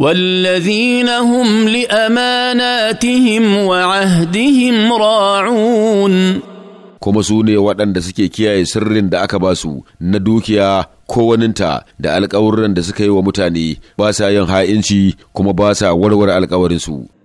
والذين هم wa ahdihim راعون kuma sune waɗanda suke kiyaye sirrin da aka basu na dukiya ko waninta da alkawuran da suka yi wa mutane ba sa yin ha'inci kuma ba sa warware alkawarinsu.